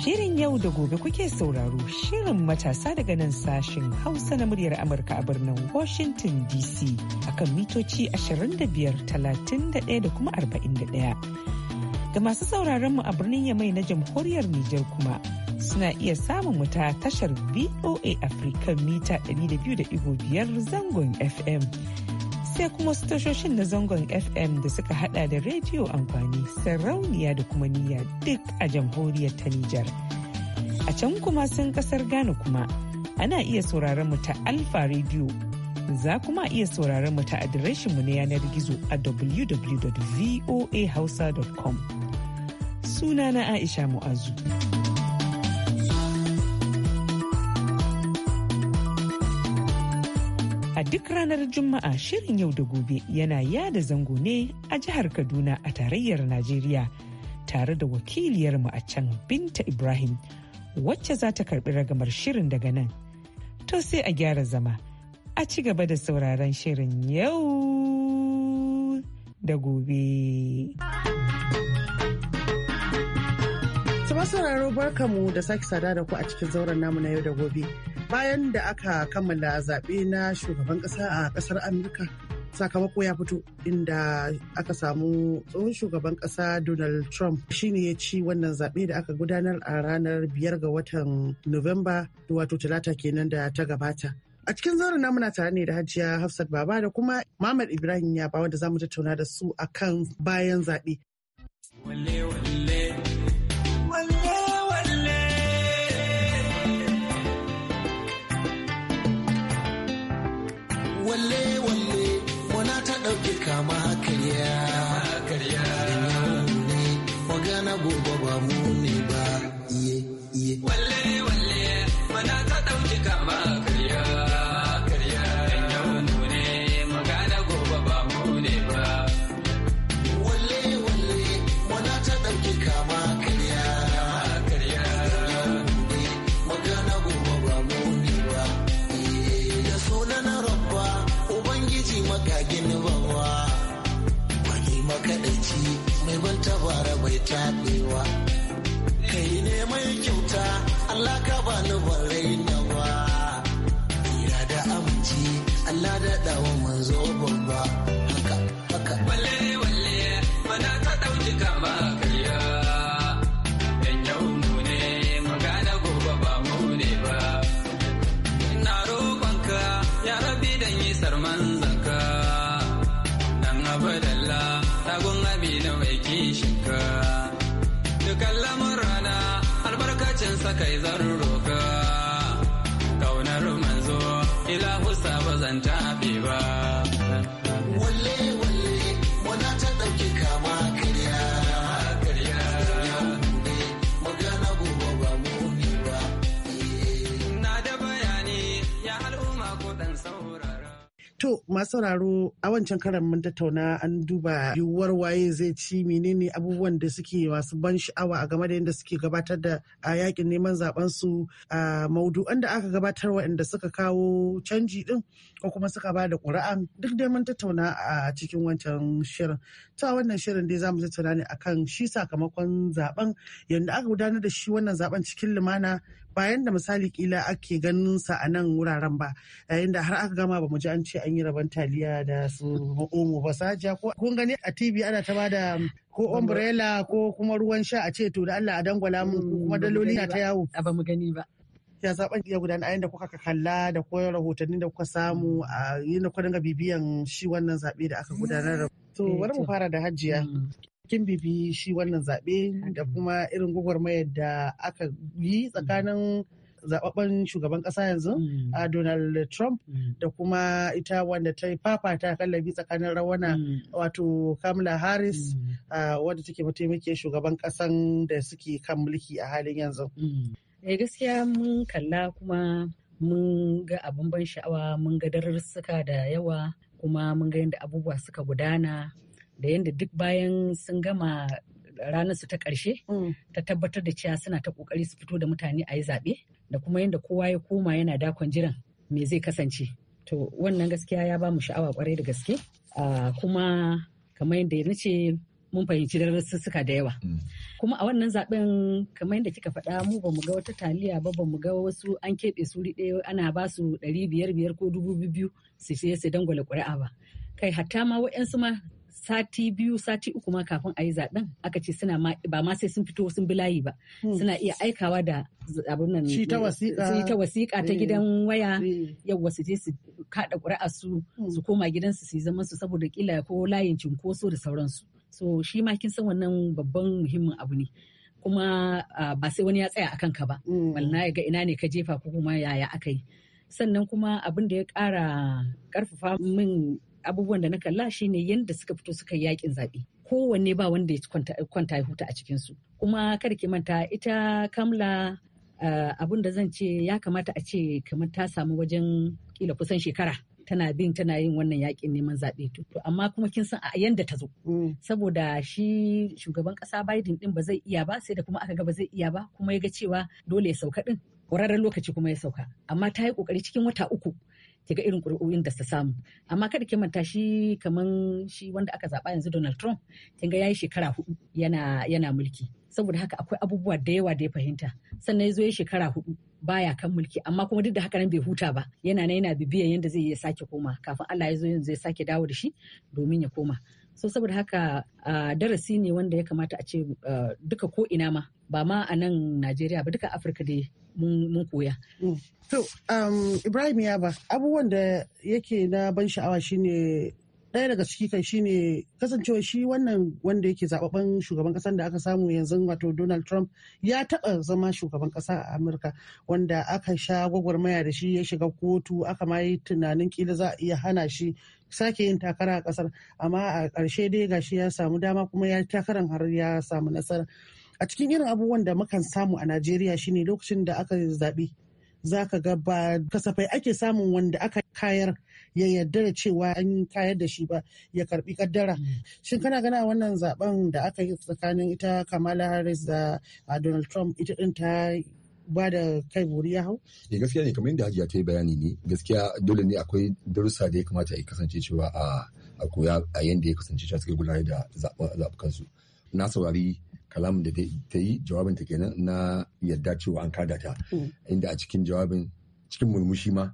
Shirin yau da gobe kuke sauraro shirin matasa daga nan sashen Hausa na muryar Amurka a birnin Washington DC akan mitoci 25, 31 da kuma 41. Ga masu sauraron mu a birnin Yamai na jamhuriyar Nijar kuma suna iya samun wuta tashar VOA afrika mita 200.5 zangon FM. sai kuma wasu tashoshin na zangon FM da suka hada da rediyo amfani sarauniya da kuma niyya duk a jamhuriyar ta Nijar. A can kuma sun kasar Ghana kuma ana iya sauraron mu ta Alfa Radio. Za kuma iya sauraron mu ta adireshin mu na yanar gizo a www.voahausa.com. Sunana Aisha Mu'azu. A duk ranar Juma'a shirin yau da gobe yana yada zango ne a jihar Kaduna a tarayyar Najeriya tare da wakiliyarmu a can Binta Ibrahim wacce za ta karbi ragamar shirin daga nan. To sai a gyara zama a ci gaba da sauraron shirin yau da gobe. masu sauraro mu da sake sada da ku a cikin zauren namu na yau da gobe. Bayan da aka kammala zaɓe na shugaban ƙasa a ƙasar Amurka, sakamako ya fito inda aka samu tsohon shugaban ƙasa Donald Trump shine ya ci wannan zaɓe da aka gudanar a ranar biyar ga watan Nuwamba wato talata kenan da ta gabata. A cikin zauren namu na tare ne da Hajiya Hafsat Baba da kuma Muhammad Ibrahim ya ba wanda zamu tattauna da su akan bayan zaɓe. itabiwa is a To masu sauraro a wancan karan mun tattauna an duba yiwuwar waye zai ci menene abubuwan da suke masu ban sha'awa a game da yadda suke gabatar da a yakin neman zaben su a maudu'an da aka gabatar waɗanda suka kawo canji din ko kuma suka ba da ƙuri'an duk dai mun tattauna a cikin wancan shirin. Ta wannan shirin dai zamu tattauna ne akan shi sakamakon zaben yadda aka gudanar da shi wannan zaben cikin lumana bayan da misali kila ake ganin sa a nan wuraren ba yayin da har aka gama ba mu ji an ce an yi rabon taliya da su omo ba saja ko kun gani a TV ana ta bada um, ko umbrella ko kuma ruwan sha a ce to da Allah a dangwala mu kuma hmm, daloli na ta yawo a ba mu gani ba ya zaben ya gudana a da kuka kalla da ko rahotanni da kuka samu a yin da kuka dinga bibiyan shi wannan zabe da aka gudanar hmm. to eh, bari mu fara da hajjiya hmm. kin bibi shi wannan zaɓe da kuma irin gwagwarmayar da aka yi mm. tsakanin zababben shugaban ƙasa yanzu mm. a donald trump mm. da kuma ita wanda ta yi fafa ta kallabi tsakanin rawana wato kamala harris wadda take mataimakiyar shugaban kasan da suke kan mulki a halin yanzu eh gaskiya mun kalla kuma mun ga abin ban sha'awa mun ga darussuka da yawa kuma mun ga yadda abubuwa suka gudana da yadda duk bayan sun gama ranar su ta ƙarshe mm. ta tabbatar da cewa suna ta ƙoƙari su fito da mutane a yi zaɓe da kuma yadda kowa ya koma yana dakon jiran me zai kasance to wannan gaskiya ya ba mu sha'awa kwarai da gaske kuma kamar yadda na ce mun fahimci darussuka da yawa mm. kuma a wannan zaɓen kamar yadda kika faɗa mu ba mu ga wata taliya ba ba mu ga wasu an keɓe suri ɗaya ana ba su ɗari biyar biyar ko dubu biyu su sai su dangwale ƙuri'a ba kai hatta ma wa'yansu ma sati biyu sati uku ma kafin a yi zaɓen aka ce suna ba ma sai sun fito sun bi layi ba hmm. suna iya aikawa da abin nan shi ta wasiƙa ta eh. gidan waya eh. yau wasu je su kaɗa ƙuri'a su hmm. su koma gidansu su yi zaman su saboda ƙila ko layin cinkoso da sauransu so shi ma kin san wannan babban muhimmin abu ne kuma ba sai wani ya tsaya a kanka ba hmm. wallahi ya ga ina ne ka jefa ko kuma yaya aka yi sannan kuma abin da ya ƙara ƙarfafa min abubuwan da na kalla shine yadda suka fito suka yi yakin zaɓe kowanne ba wanda ya kwanta ya huta a cikinsu kuma kada ki manta ita kamla eh, abun da zan ce ya kamata a ce kamar ta samu wajen kila kusan shekara tana bin tana yin wannan yakin neman zaɓe to amma kuma kin san a yanda ta zo mm. saboda shi shugaban ƙasa Biden din ba zai iya ba sai da kuma aka ga ba zai iya ba kuma ya ga cewa dole ya sauka din ƙwararren lokaci kuma ya sauka amma ta yi ƙoƙari cikin wata uku ki ga irin ƙuri'o'in da su samu amma kada ki manta shi kaman shi wanda aka zaɓa yanzu Donald Trump kin ga yayi shekara hudu yana yana mulki saboda haka akwai abubuwa da yawa da ya fahimta sannan ya zo ya shekara hudu baya kan mulki amma kuma duk da haka nan bai huta ba yana na yana bibiyan yadda zai ya sake koma kafin Allah ya zo yanzu ya sake dawo da shi domin ya koma so saboda haka ah, darasi ne wanda ya kamata a ce ah, duka ko ina ma ba ma a nan Najeriya ba duka Afirka dai mun koya. Mm. To, um, Ibrahim Yaba, abubuwan da yake na ban sha'awa shine ɗaya daga ciki kan shine kasancewa shi wannan wanda yake zababben shugaban ƙasar da aka samu yanzu wato Donald Trump ya taɓa zama shugaban ƙasa a Amurka wanda aka sha gwagwarmaya da shi ya shiga kotu aka ma yi tunanin kila za a iya hana shi sake yin takara a ƙasar amma a ƙarshe dai gashi ya samu dama kuma ya takaran har ya samu nasara. a cikin irin abubuwan da mukan samu a najeriya shine lokacin da aka zaɓi za ga ba kasafai ake samun wanda aka kayar ya yarda da cewa an kayar da shi ba ya karbi kaddara mm. shin kana gana wannan zaben da aka yi tsakanin ita kamala harris da donald trump ita din ta ba da kai buri ya hau? E gaskiya ne kamar yadda hajiya ta yi bayani ne gaskiya dole ne akwai darussa da ya kamata ya kasance cewa a koya a yanda ya kasance cewa suke gudanar da zaɓukansu. Na saurari kalam da ta yi jawabin ta kenan na yadda cewa an kada ta mm. inda a cikin jawabin cikin murmushi ma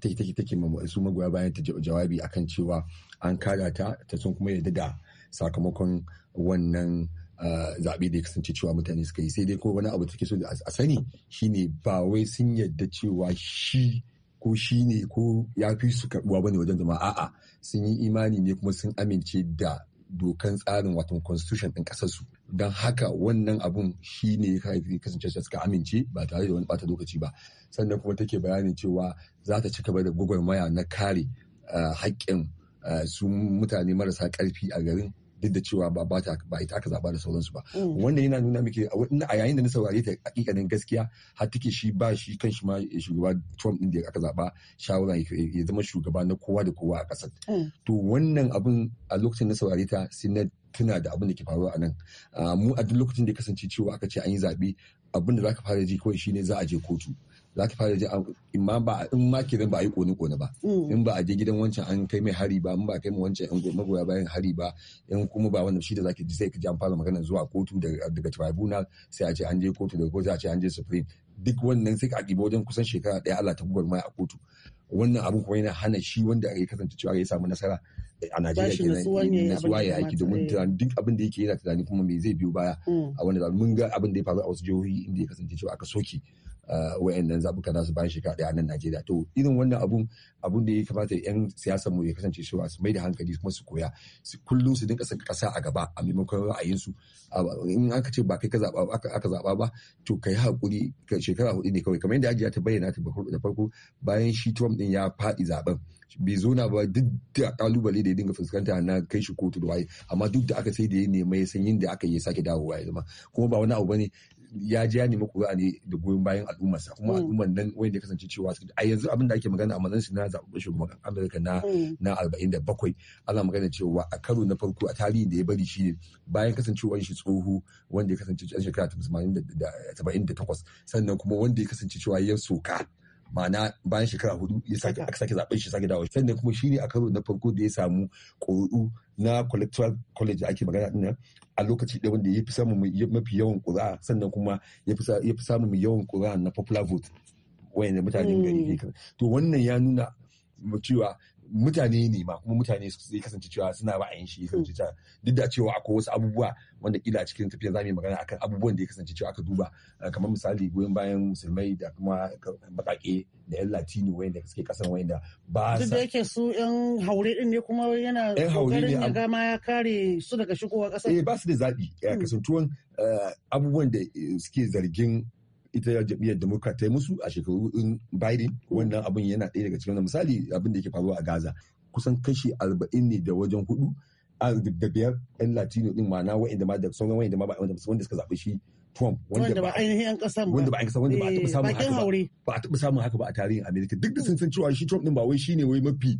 take take take su magoya bayan ta jawabi akan cewa an kada ta ta sun kuma yadda da sakamakon wannan ah, zaɓe da ya kasance cewa mutane suka yi sai dai ko wani abu take so a sani shine ba wai sun yadda cewa shi ko shi ne ko ya fi su karɓuwa bane wajen zama a'a sun yi imani ne kuma sun amince da dokan tsarin wato constitution ɗin ƙasar su don haka wannan abun shi ne ya kasance suka amince ba tare da wani bata lokaci ba sannan kuma take bayanin cewa za ta ci gaba da gwagwarmaya na kare eh, haƙƙin eh, su mutane marasa ƙarfi a garin duk da cewa ba ba ita aka zaba da sauransu ba mm. wanda yana nuna miki a yayin da na saurare ta hakikanin gaskiya har take shi ba shi kan shi ma eh, shugaba Trump din da aka zaba shawara ya zama shugaba na kowa da kowa a kasar mm. to wannan abun a lokacin na saurare ta sai na tuna da abin da ke faruwa a nan ah, mu a duk lokacin da ya kasance cewa aka ce an yi zaɓe abin da za ka fara ji kawai shine za a je kotu za ta fara ji in ma ba in ma ba a yi kone kone ba mm. in ba a je gidan wancan an kai mai hari ba in ba kai mai wancan yan magoya bayan hari ba in kuma ba wannan shi da zaki ji sai ka ji an fara magana zuwa kotu daga tribunal sai a ce an je kotu daga kotu a ce an je supreme duk wannan sai ka ɗiba wajen kusan shekara ɗaya Allah ta gubar mai a kotu wannan abin kuma yana hana shi wanda ya kasance cewa ya samu nasara eh, a Najeriya na natsuwa eh, ya aiki domin eh. tunanin duk abin da yake yana tunani kuma me zai biyo baya mm. a wani mun ga abin da ya faru a wasu jihohi inda ya kasance cewa aka soke Eh, nan zabuka za su bayan shekara ɗaya a nan Najeriya to irin wannan abun abun da ya kamata yan siyasar mu ya kasance cewa su mai da hankali kuma su koya kullum su dinka saka a gaba a maimakon ra'ayin su in aka ce ba kai ka zaba zaba ba to kai hakuri shekara hudu ne kawai kamar yadda ajiya ta bayyana ta da farko bayan shi Trump din ya faɗi zaben bai zona ba duk da kalubale da ya dinga fuskanta na kai shi kotu da waye amma duk da aka sai da ya nema ya san yin da aka yi sake dawowa ya zama kuma ba wani abu bane ya ji ya nemi ƙuri'a ne da goyon bayan al'ummarsa kuma mm. al'ummar nan wanda ya kasance cewa a yanzu abin da ake magana a mazansu na zaɓuɓɓen shugaban amurka na mm. na arba'in da bakwai ana magana cewa a karo na farko a tarihi da ya bari shi ne bayan kasancewar shi tsoho wanda ya kasance cewa shekara ta saba'in da takwas sannan kuma wanda ya kasance cewa ya soka ma'ana bayan shekara hudu ya sake aka sake zaɓen shi sake dawo sannan kuma shine a karo na farko da ya samu ƙuri'u na collectoral college da ake magana din nan a lokaci ɗaya wanda ya fi samun mafi yawan kura. sannan kuma ya fi samun yawan kura na popular vote wayan mutanen gari ne hmm. to wannan ya nuna cewa mutane ne ma kuma mutane zai kasance cewa suna ra'ayin shi kasance cewa duk da cewa akwai wasu abubuwa wanda kila cikin tafiyar zamu yi magana akan abubuwan da ya kasance cewa aka duba eh, kamar misali goyon bayan musulmai da kuma bakake da yan latino da suke kasan da ba su duk da yake su yan haure din ne kuma yana haure ne ga ma ya kare su daga shigowa kasar eh ba su da zabi eh, hmm. kasantuwan eh, abubuwan da suke zargin ita jam'iyyar democrat ta yi musu a in biden wannan abin yana ɗaya daga cikin misali abin da yake faruwa a gaza kusan kashi arba'in ne da wajen hudu da biyar yan latino din ma'ana wa'inda ma da sauran wa'inda ma ba wanda suka zaɓi shi Trump wanda ba ainihin yan kasar ba wanda ba kasar wanda ba a taɓa eh, samun haka ba a taɓa samun haka ba a tarihin Amerika duk da sun san cewa shi Trump din ba wai shine wai mafi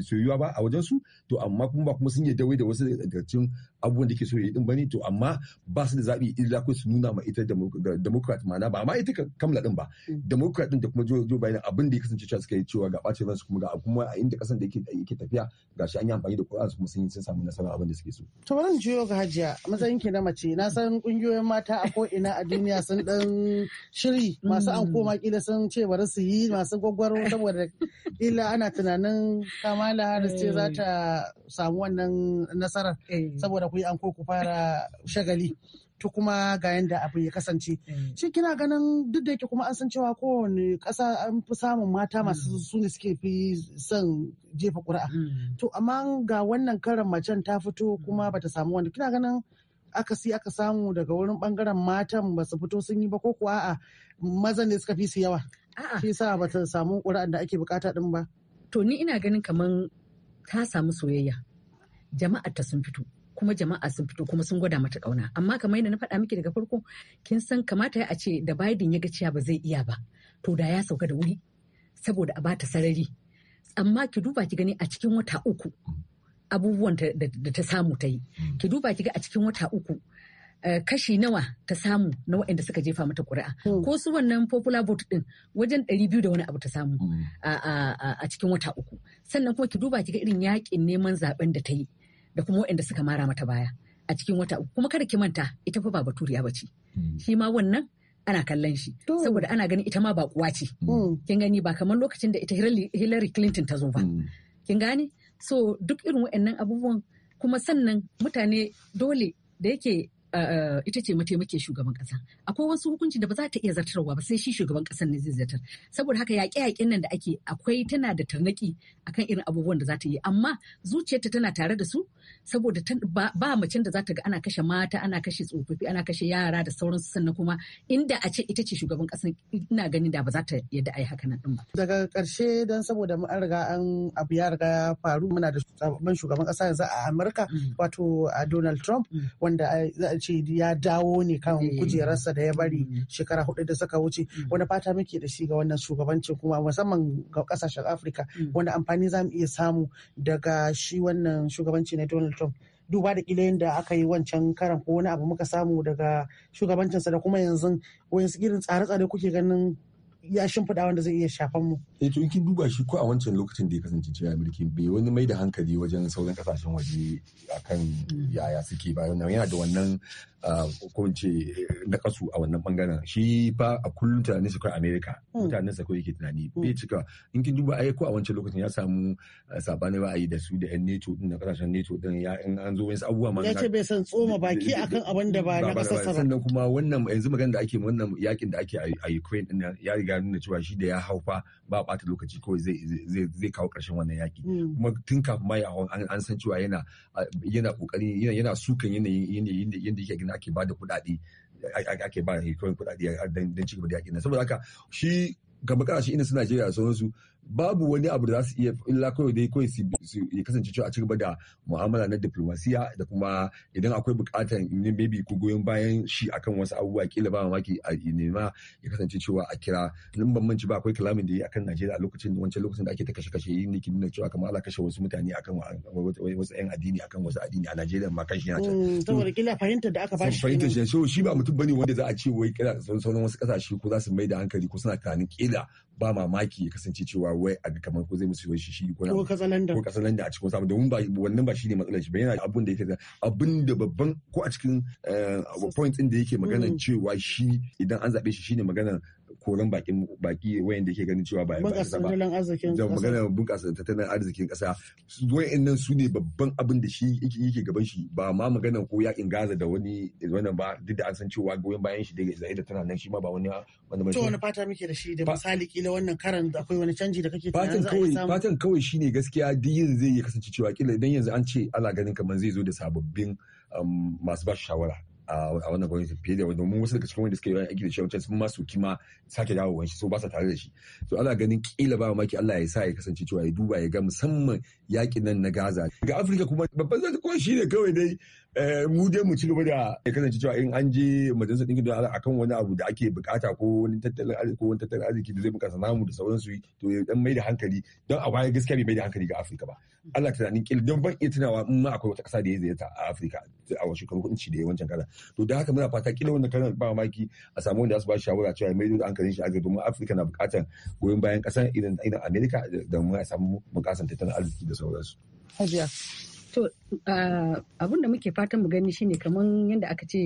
soyuwa ba a wajen su to amma kuma ba kuma sun yarda wai da wasu daga cikin abubuwan da ke so ya yi din bane to amma ba su da zabi illa ko su nuna ma ita Democrat ma'ana ba amma ita kamla din ba mm. Democrat din da kuma Joe Biden abin da ya kasance cewa suka yi cewa ga ɓacin ransu kuma ga kuma a inda kasan da yake tafiya gashi an yi amfani da Qur'an kuma sun yi sun samu nasara abin da suke so to bari mu jiyo ga Hajiya matsayin ki na mace na san kungiyoyin mata a ina a duniya sun dan shiri masu mm. an koma kila sun ce bari su yi masu gwaggwaro saboda kila ana tunanin kamala harris ce za ta samu wannan nasarar eh. saboda ku yi an ku fara shagali to kuma ga yadda abu ya kasance eh. shi kina ganin duk da yake kuma an san cewa kowane kasa an fi samun mata masu mm. su ne suke fi son jefa ƙuri'a mm. to amma ga wannan karan macen ta fito kuma bata samu wanda kina ganin akasi aka samu daga wurin bangaren matan ba su fito sun yi ba ko kuwa a'a mazan ne suka fi su yawa shi sa ba ta samu ƙura'an da ake bukata din ba to ni ina ganin kaman ta samu soyayya jama'a ta sun fito kuma jama'a sun fito kuma sun gwada mata kauna amma kamar yadda na faɗa miki daga farko kin san kamata ya a ce da Biden ya ga cewa ba zai iya ba to da ya sauka da wuri saboda a bata sarari amma ki duba ki gani a cikin wata uku abubuwan da ta samu ta yi hmm. ki duba ki ga a cikin wata uku eh, kashi nawa ta samu na waɗanda suka jefa mata ƙuri'a hmm. ko su wannan popular vote din wajen ɗari biyu da wani abu ta samu hmm. a, cikin wata uku sannan kuma ki duba ki ga irin yakin neman zaɓen da ta yi da kuma waɗanda suka mara mata baya a cikin wata uku kuma kada ki manta ita fa ba baturiya ba ce shi ma wannan ana kallon shi saboda ana ganin ita ma ba kuwa ce kin gani ba kamar lokacin da ita Hillary Clinton ta zo ba kin gani. so duk irin waɗannan abubuwan kuma sannan mutane dole da yake Eh, eh, ita ce mataimakin shugaban kasa akwai wasu hukunci da ba za ta iya zartarwa ba sai shi shugaban kasan ne zai zartar saboda haka yaƙe yaƙen nan da ake akwai tana da tarnaki akan irin abubuwan da za ta yi amma zuciyarta tana tare da su saboda ba macen da za ta ga ana kashe mata ana kashe tsofaffi ana kashe yara da sauransu sannan kuma inda a ce ita ce shugaban kasar ina ganin da ba za ta yadda a yi haka nan ba daga ƙarshe don saboda an riga an abu ya riga ya faru muna da shugaban kasa yanzu a Amurka mm. wato a Donald Trump mm. wanda eh, ce ya dawo ne kan eh. kujerarsa da ya bari mm. shekara hudu da suka wuce mm. wani fata muke da shi ga wannan shugabancin kuma musamman ga kasashen afirka mm. wanda amfani za mu iya samu daga shi wannan shugabanci na donald trump duba da kila yadda aka yi wancan karan ko wani abu muka samu daga shugabancinsa da kuma yanzu wayansu irin tsare-tsare kuke ganin ya shimfiɗa wanda zai iya shafan mu. Eh to in kin duba shi ko a wancan lokacin da ya kasance cewa mulki bai wani mai da hankali wajen sauran kasashen waje akan yaya suke ba yana da wannan ah, ko in ce na kasu a wannan bangaren shi fa a kullum tunanin sa kawai America hmm. mutanen sa kawai yake tunani hmm. bai cika in kin duba ai ko a wancan lokacin ya samu ah, sabani ba a yi da su da yan NATO din na kasashen NATO din ya in an zo wani abubuwa ma ya ce bai san tsoma baki akan abin da ba na kasar sannan kuma wannan yanzu magana da ake wannan yakin da ake a Ukraine din ya riga ya nuna cewa shi da ya hau fa ba bata lokaci kawai zai kawo karshen wannan yaki mm. kuma tun kafin mai hawan an san cewa yana yana kokari yana sukan yanayin yanda yake gina ake bada kuɗaɗe ake ba da kuɗaɗe don cigaba da yaƙi na saboda haka shi gaba shi ina su Najeriya da sauransu babu wani abu da za su iya illa kawai dai kawai su ya kasance cewa a ci gaba da mu'amala na diplomasiya da kuma idan akwai bukatar ne baby ko goyon bayan shi akan wasu abubuwa kila ba mamaki a nema ya kasance cewa a kira nan ban manci ba akwai kalamin da yi akan Najeriya a lokacin wancan lokacin da ake ta kashe kashe yin niki nuna cewa kamar ala kashe wasu mutane akan wasu yan addini akan wasu addini a Najeriya ma kan shi yana can mm, saboda kila fahimtar da aka bashi fahimtar shi shi ba mutum bane wanda za a ce wai kira sauran wasu kasashe ko za su mai da hankali ko suna tunanin kila ba mamaki ya kasance cewa wai a kamar ko zai musu shi shi ko katsalanda ko katsalanda a cikin samun domin ba wannan ba shine matsalar shi ba yana abun da yake abun da babban ko a cikin eh, point din da yake magana mm. cewa shi idan an zabe shi shine maganar koran bakin baki wayanda ke ganin cewa ba bunƙasa tattalin arzikin ƙasa magana bunƙasa tattalin arzikin ƙasa nan su ne babban abin da shi yake gaban shi ba ma magana ko yakin Gaza da wani wannan ba duk da an san cewa goyon bayan shi daga Isra'ila tana nan shi ma ba wani wani to wani fata muke da shi da misali kila wannan karan akwai wani canji da kake fatan kawai fatan kawai shine gaskiya duk yin zai kasance cewa kila idan yanzu an ce ana ganin kamar zai zo da sababbin um, masu ba shawara a wannan gwamnati fiye da domin wasu daga cikin wanda suka yi aiki da shi wancan sun ma kima sake dawo wanshi. so ba sa tare da shi to ana ganin kila ba maki Allah ya sa ya kasance cewa ya duba ya ga musamman yakin nan na Gaza ga Afirka kuma babban zai kawai shine kawai dai Eh, mu dai mu ci gaba da ya kasance cewa in an je majalisar ɗinkin duniya akan wani abu da ake bukata ko wani tattalin arziki ko wani tattalin arziki da zai bukata namu da sauransu to ya dan mai da hankali don a baya gaskiya bai mai da hankali ga Afirka ba Allah ta tunanin kil don ban iya tunawa in ma akwai wata ƙasa da ya ziyarta a Afirka a wasu shekaru ci da yawancin kaza to da haka muna fata kila wannan karnar ba mamaki a samu wanda su ba shawara cewa ya mai da hankalin shi a ga domin Afirka na bukatar goyon bayan ƙasar irin Amerika da mu a samu bukatar tattalin arziki da sauransu. Hajiya. So abin da muke fatan mu gani shine kamar yadda aka ce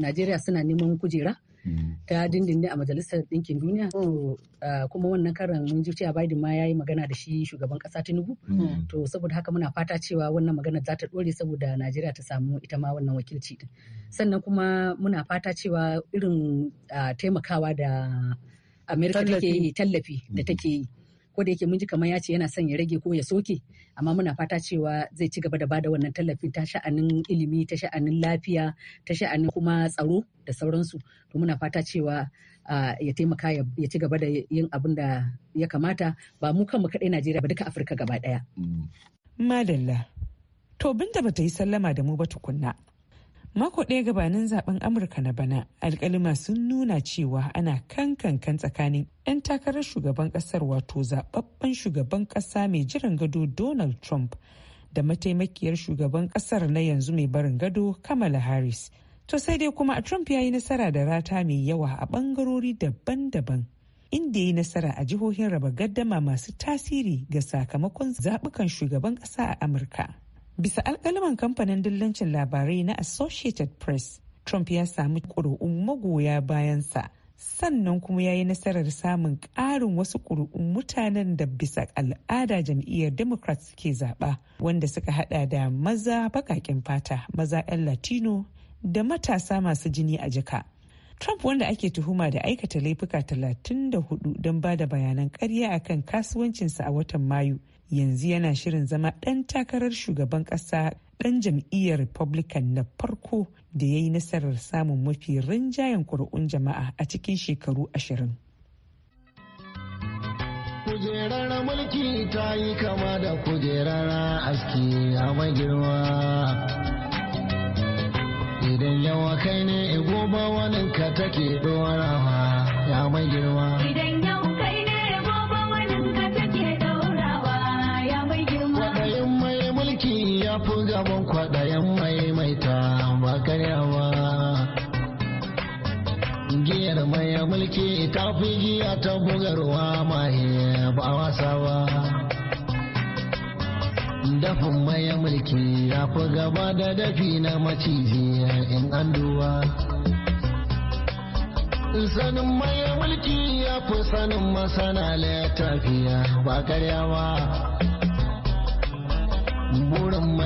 Najeriya suna neman kujera mm. ta dindindin a majalisar dinkin duniya mm. kuma wannan karan mun ji cewa Biden ma yayi magana da shi shugaban ƙasa Tinubu mm. to saboda haka muna fata cewa wannan magana za ta ɗore saboda Najeriya ta samu ita ma wannan wakilci din sannan kuma muna fata cewa irin taimakawa da Amerika take yi tallafi da take yi ko da yake mun ji kamar ya ce yana son ya rage ko ya soke amma muna fata cewa zai ci gaba da bada wannan tallafi ta sha'anin ilimi ta sha'anin lafiya ta sha'anin kuma tsaro da sauransu to muna fata cewa ya taimaka ya ci gaba da yin abin da ya kamata ba mu kanmu kaɗai Najeriya ba duka Afirka gaba ɗaya. Mm. Madalla. To binta bata yi sallama da mu ba tukunna Mako ɗaya gabanin zaben Amurka na bana, alkalima sun nuna cewa ana kankan tsakanin 'yan takarar shugaban ƙasar wato zababben shugaban ƙasa mai jiran gado Donald Trump da mataimakiyar shugaban ƙasar na yanzu mai barin gado Kamala Harris. To sai dai kuma Trump ya yi nasara da rata mai yawa a ɓangarori daban-daban. Inda ya yi nasara a jihohin raba gaddama masu tasiri ga sakamakon zaɓukan shugaban ƙasa a Amurka. Bisa alkalaman kamfanin dillancin labarai na Associated Press, Trump ya samu ƙuri'un magoya bayansa. Sannan kuma ya yi nasarar samun ƙarin wasu ƙuri'un mutanen da bisa al'ada jam'iyyar Democrat suke zaɓa, wanda suka haɗa da maza baƙaƙen fata, maza 'yan Latino da matasa masu jini a jika. Trump wanda ake tuhuma da aikata laifuka 34 don ba da bayanan karya akan kasuwancinsa a watan Mayu yanzu yana shirin zama ɗan takarar shugaban ƙasa ɗan jam'iyyar republican na farko da ya yi nasarar samun mafi rinjayen kuri'un jama'a a cikin shekaru ashirin. kujerar mulki ta yi kama da kujerar aski a magirma idan yawa kai ne ba wani ka take dorawa ya magirma abin kwaɗayen maimaita ba karyawa giyar mai mulki ta fi giya ta bugarwa maye ba ba dafin mai mulki ya fi gaba da dafi na maciji in an duwa sanin mai mulki ya fi sanin masana tafiya ba karyawa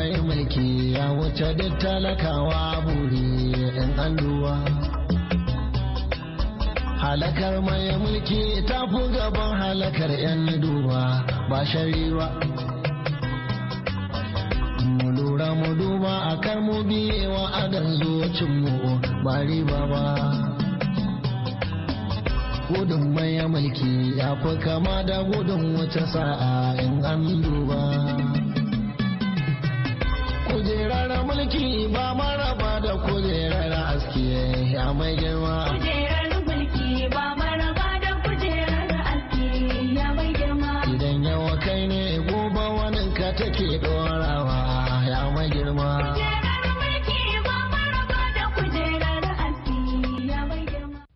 mai mulki ya wuce duk talakawa buri in anduwa halakar mai mulki ta fi gaban halakar 'yan duba ba shari'a mu lura mu duba a kan mu biyewa adan zuwacinmu ba riba ba gudun mai mulki ya fi kama da gudun wata sa'a in an duba. mulki ba maraba da kujerar aski ya mai girma. Kujerar mulki ba maraba da kujerar aski ya mai girma. Idan yawa kai ne gobe wani ka take dorawa ya mai girma.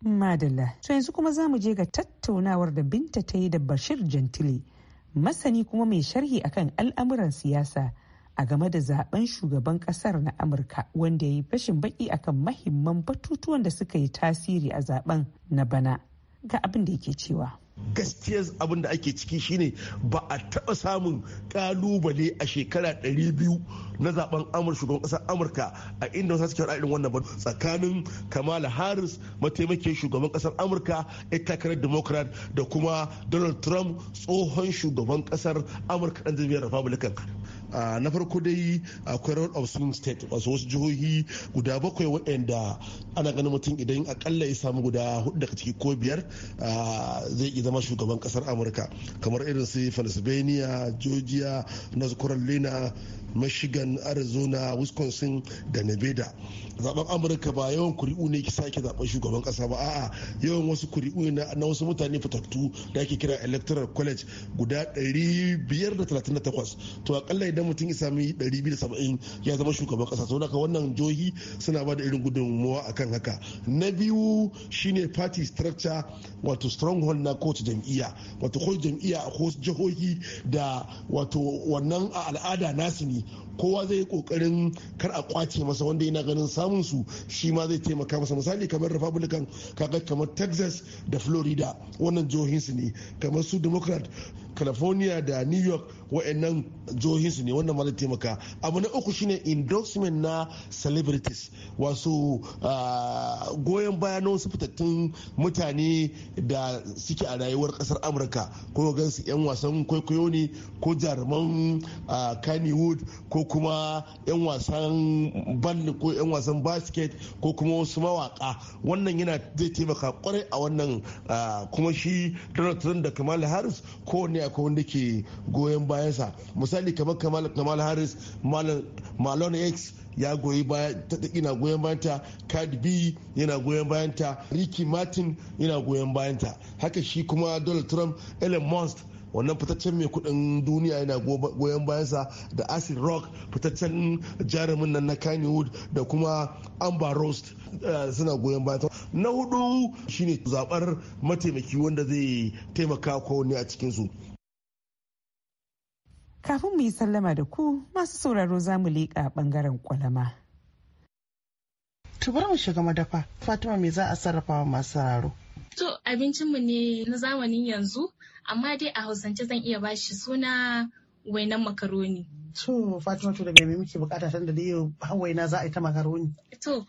Madalla, to yanzu kuma za mu je ga tattaunawar da Binta ta yi da Bashir Jantili, masani kuma mai sharhi akan al'amuran siyasa. a game da zaben shugaban kasar na amurka wanda ya yi fashin baki akan mahimman batutuwan da suka yi tasiri a zaben na bana ga abin da yake cewa gaskiyar abin da ake ciki shine ba a taɓa samun kalubale a shekara 200 na zaben amurka shugaban kasar amurka a inda wasu suke irin wannan ba tsakanin kamala harris mataimakin shugaban kasar amurka ya takarar democrat da kuma donald trump tsohon shugaban kasar amurka dan jami'ar republican na farko dai akwai road of swing state wasu wasu jihohi guda bakwai waɗanda ana ganin mutum idan akalla ya samu guda hudu daga ciki ko biyar zai iya zama shugaban kasar amurka kamar irin su pennsylvania georgia north carolina michigan arizona wisconsin da nevada zaben amurka ba yawan kuri'u ne ki sake zaben shugaban kasa ba a'a yawan wasu kuri'u na wasu mutane fitattu da ake kira electoral college guda 538 to akalla idan mutum ya sami 270 ya zama shugaban kasa sau daga wannan jihohi suna ba da irin gudunmuwa akan haka na biyu shine party structure wato stronghold na kotu jam'iyya wato kotu jam'iyya a kowace jihohi da wato wannan al'ada nasu ne kowa zai yi kokarin kar a kwace masa wanda yana ganin samun su shi ma zai taimaka masa misali kamar republican kaga kamar texas da florida wannan jihohin su ne kamar su democrat california da new york wa'annan jihohin su ne wannan ma zai taimaka abu na uku shine endorsement na celebrities wasu ah, goyon baya na wasu fitattun mutane da suke a rayuwar kasar amurka ko gansu 'yan wasan kwaikwayo ne ko jaruman ah, kannywood ko ko kuma 'yan wasan balli ko 'yan wasan basket ko kuma wasu mawaka wannan yana zai taimaka kwarai a wannan kuma shi donald trump da kamal harris ne akwai wanda ke goyon bayansa misali kamar Kamal harris malon x ya goyi baya ta na goyon bayanta cardi b yana goyon bayanta ricky martin yana goyon bayanta haka shi kuma donald trump elon musk wannan fitaccen mai kudin duniya yana goyon bayansa da acid rock fitaccen jarumin nan na kanywood da kuma amber roast eh, suna goyon bayansa na hudu shine zabar mataimaki wanda zai taimaka kowanne a cikinsu kafin mu yi sallama da ku masu sauraro za mu leƙa ɓangaren kwalama. Tubar mu shiga madafa, Fatima me za a sarrafa wa masu sararo. To abincinmu ne na zamanin yanzu amma dai a hausance zan iya ba shi suna wainan makaroni. To Fatima to daga mai muke bukata tun da yau waina za a yi ta makaroni. To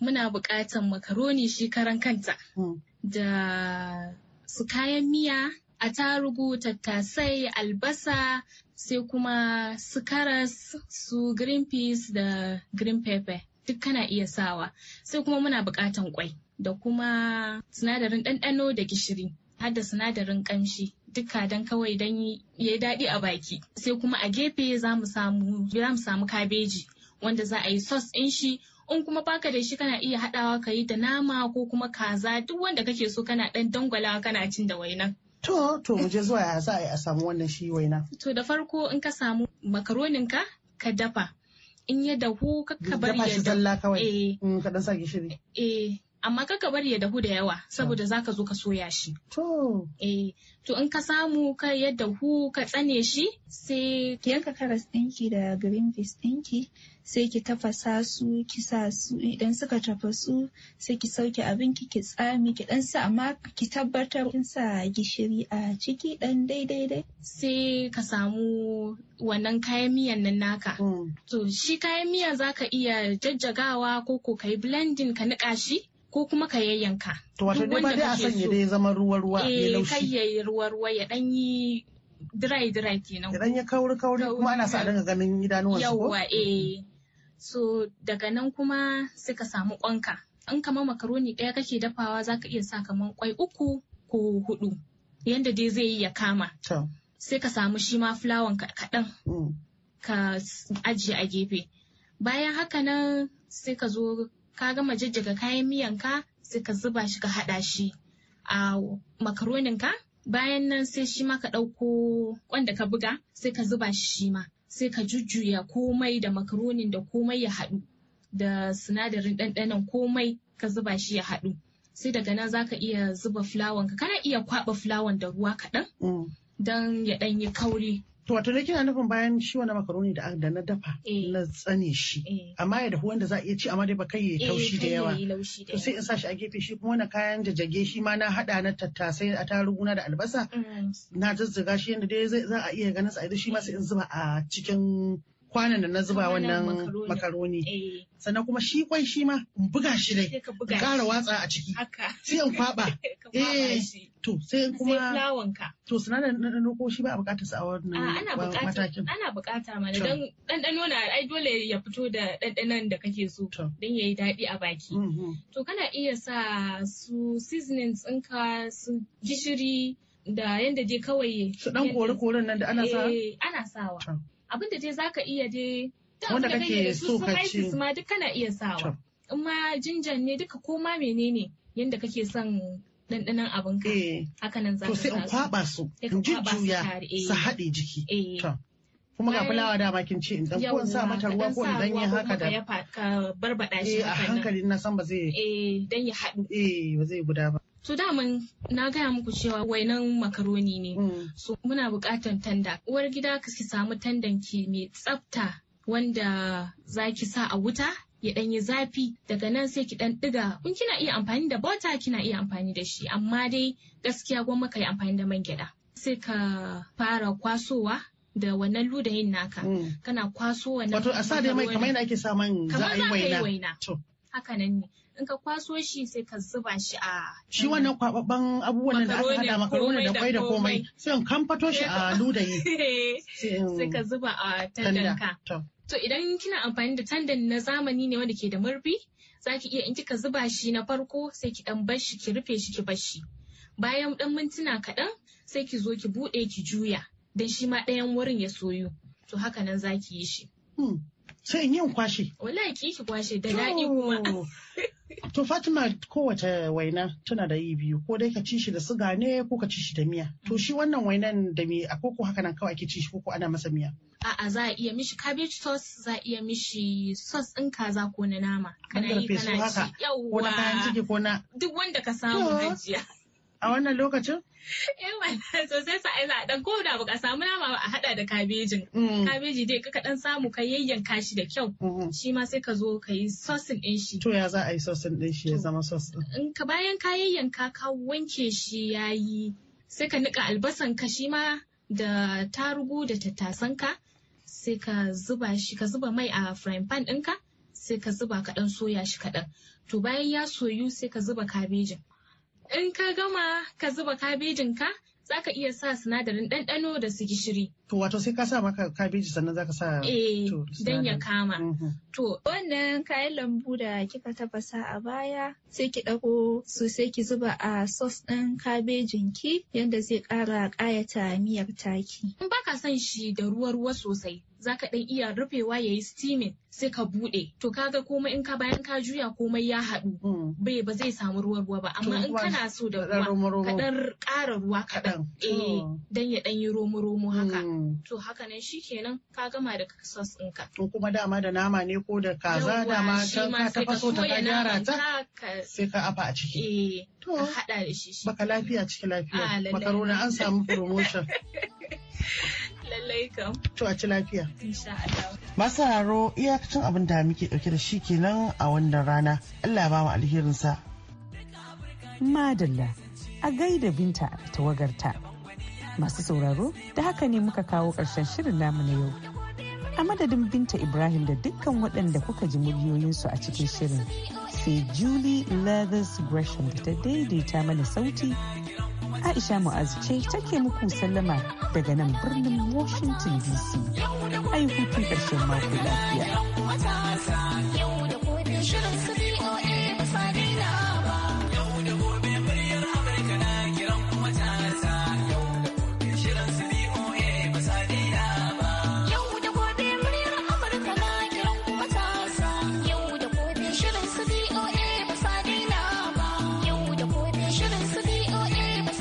muna bukatan makaroni shi karan kanta hmm. da su kayan miya a tarugu tattasai albasa sai kuma su karas su green peas da green pepper duk kana iya sawa sai kuma muna bukatan kwai da kuma sinadarin ɗanɗano da gishiri. har da sinadarin kamshi duka don kawai don ya yi daɗi a baki sai kuma a gefe za mu samu kabeji wanda za a yi sos ɗin shi in kuma baka da shi kana iya haɗawa ka yi da nama ko kuma kaza duk wanda kake so kana ɗan dangwalawa kana cin da wainan To, to mu je zuwa ya za a yi a samu wannan shi waina. To da farko in ka samu makaronin ka ka dafa. In ya dahu ka bar ya dafa. shi zalla kawai. Eh. Mm, ka dan sa gishiri. Eh, amma kaka bari ya dahu da yawa saboda ah. za ka zo ka soya shi to eh to in ka samu ka ya dahu ka tsane shi sai ki yanka karas ɗinki da green peas ɗinki sai ki tafasa su ki sa su idan suka tafasu sai ki sauke abin ki ki tsami ki dan sa amma ki tabbatar kin sa gishiri a ciki dan daidai dai sai ka samu wannan kayan miyan nan naka mm. to shi kayan miya zaka iya jajjagawa ko ko kai blending ka nika shi ko kuma ka yayyanka. To wata dai ba dai a sanya dai zama ruwa-ruwa ya laushi. Eh kai yayi ruwa-ruwa ya dan yi dry dry kenan. Ya dan yi kauri-kauri kuma ana sa dinga ganin idanuwan su ko? Yawwa eh. So daga nan kuma sai ka samu kwanka. In kamar makaroni ɗaya kake dafawa za ka iya sa kamar ƙwai uku ko hudu. Yanda dai zai yi ya kama. Sai ka samu shi ma fulawan kaɗan. Mm. Ka ajiye a gefe. Bayan haka nan sai ka zo ka gama jijjiga kayan miyan ka sai ka zuba shi ka haɗa shi a makaronin ka bayan nan sai shi ma ka ɗauko wanda ka buga sai ka zuba shi shi ma sai ka jujjuya komai da makaronin da komai ya haɗu da sinadarin ɗanɗanon komai ka zuba shi ya haɗu sai daga nan ka iya zuba fulawan ka kana iya kwaɓa fulawan da ruwa kaɗan mm. don ya ɗanyi kauri To wato ne kina nufin bayan shi wani makaroni da da na dafa eh. na tsane shi eh. amma ya dahu wanda za a iya ci amma dai ba kai ya yi eh, taushi da yawa to sai in sa shi a gefe shi kuma wani kayan jajjage shi ma na haɗa na tattasai a taruguna da albasa mm. na zazzaga shi yadda dai za a iya ganin sa a shi ma sai in zuba a cikin kwanan da na zuba wannan makaroni eh. sannan kuma shi kwai shi ma in buga shi dai in kara watsa a ciki sai in kwaba eh. to sai kuma Sai to sinadarin ɗanɗano ko shi ba a buƙatar sa a wannan matakin ana buƙata mana don ɗanɗano na ai dole ya fito da ɗanɗanon da kake so Don ya yi daɗi a baki mm-hmm. to kana iya sa su seasonings ɗinka su gishiri da yadda je kawai su ɗan kori-korin nan da ana sa eh, ana sawa abin da dai zaka iya dai wanda kake so su ci ma duk kana iya sawa in ma jinjan ne duka ko ma menene yanda kake son dandanan abin ka eh. haka nan za ka sai in kwaba su in jujjuya eh. su haɗe jiki eh. kuma ga fulawa dama kin ce in dan ko in sa mata ruwa ko in dan ya haka da ka barbada shi a hankali na san ba zai eh dan ya haɗu eh ba zai guda ba To daman na gaya muku cewa wainan makaroni ne. Mm. So muna buƙatar tanda. Uwar gida ki samu tandan ki mai tsafta wanda za ki sa a wuta ya dan yi zafi daga nan sai ki dan diga in kina iya amfani da bota kina iya amfani da shi amma dai gaskiya gwamma ka yi amfani da man gyada sai ka fara kwasowa da wannan ludayin naka mm. kana kwaso wannan wato a sa dai mai kamar yadda ake sa man za a yi waina haka nan ne in ka kwaso shi sai ka zuba shi a shi wannan kwababban abubuwan da aka hada makaroni da kwai da komai sai in kamfato shi a ludayi sai ka zuba a tandanka to idan kina amfani da tandan na zamani ne wanda ke da murfi zaki iya in kika zuba shi na farko sai ki dan bar shi ki rufe shi ki bar shi bayan dan mintuna kaɗan sai ki zo ki buɗe ki juya don shi ma ɗayan wurin ya soyu to haka nan za ki yi shi. Hmm. Sai in yin kwashe. Wallahi ki ki kwashe da daɗi kuma. To Fatima kowace waina tana da yi biyu ko dai ka ci shi da siga ne ko ka ci shi da miya. To shi wannan wainan da me a koko haka nan kawai ake ci shi koko ana masa miya. A'a za a iya mishi cabbage sauce za a iya mishi sauce ɗin kaza ko na nama. Kana yi kana ci yauwa Ko na kayan ciki ko na. Duk wanda ka samu hajiya. a wannan lokacin? Yawa sosai dan ko da baka samu nama ba a haɗa da kabejin. Mm. Kabeji dai ka dan samu ka yayyanka shi da kyau. Mm-hmm. Shi ma sai ka zo ka yi sosin din shi. To ya za a yi sosin din shi ya zama sos din? ka bayan ka yayyanka ka wanke shi yayi sai ka nika albasan ka shi ma da tarugu da tattasan ka sai ka zuba shi ka zuba mai a frying pan ɗinka sai ka zuba kaɗan soya shi kaɗan. To bayan ya soyu sai ka zuba kabejin. in ka gama ka zuba kabejinka, za ka iya sa sinadarin ɗanɗano da su gishiri To wato sai ka sa maka kabeji sannan zaka sa eh, To dan ya kama. Mhm. To wannan kayan lambu da kika tafasa a baya sai ki dako su sai ki zuba a sauce din kabejin ki yanda zai kara kayata miyar taki. In baka son shi da ruwa-ruwa sosai zaka ɗan iya rufewa yayi steaming sai ka buɗe to kaga komai in ka bayan ka juya komai ya haɗu mm. bai ba zai samu ruwa ruwa ba amma in kana so da ruwa ka ɗan ƙara ruwa kaɗan eh dan ya ɗan yi romo romo haka mm. Mm. to haka nan kenan ka gama da sauce ɗinka. To kuma dama da nama ne ko da kaza dama ta ta so ta ka gyara ta sai ka afa a ciki. Eh, to haɗa da shi. shi. Baka lafiya ciki lafiya. Ah, Makarona an samu promotion. lallai kam. ci lafiya. Insha Allah. Masu haro iyakacin abin da muke ɗauke da shi kenan a wannan rana. Allah ba mu alherinsa. Madalla a gaida binta tawagarta. masu sauraro da haka ne muka kawo ƙarshen shirin namu na yau a madadin binta ibrahim da dukkan waɗanda kuka ji muryoyinsu a cikin shirin sai julie leathers gresham da ta daidaita mana sauti aisha mu'azu ce take muku sallama daga nan birnin washington dc ayi hutun ƙarshen mako lafiya